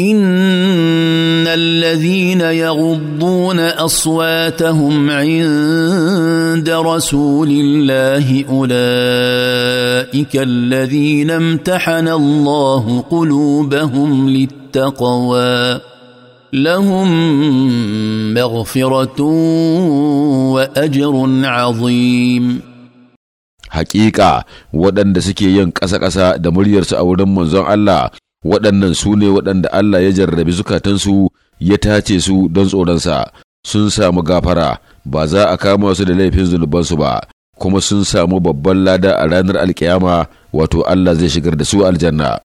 ان الذين يغضون اصواتهم عند رسول الله اولئك الذين امتحن الله قلوبهم للتقوى لهم مغفره واجر عظيم حقيقه ودن suke yin ƙasa او da muryarsu waɗannan su ne waɗanda Allah ya jarrabi zukatansu ya tace su don tsoronsa sun samu gafara ba za a kama su da laifin zunubansu ba kuma sun samu babban lada a ranar alkiyama wato Allah zai shigar da su aljanna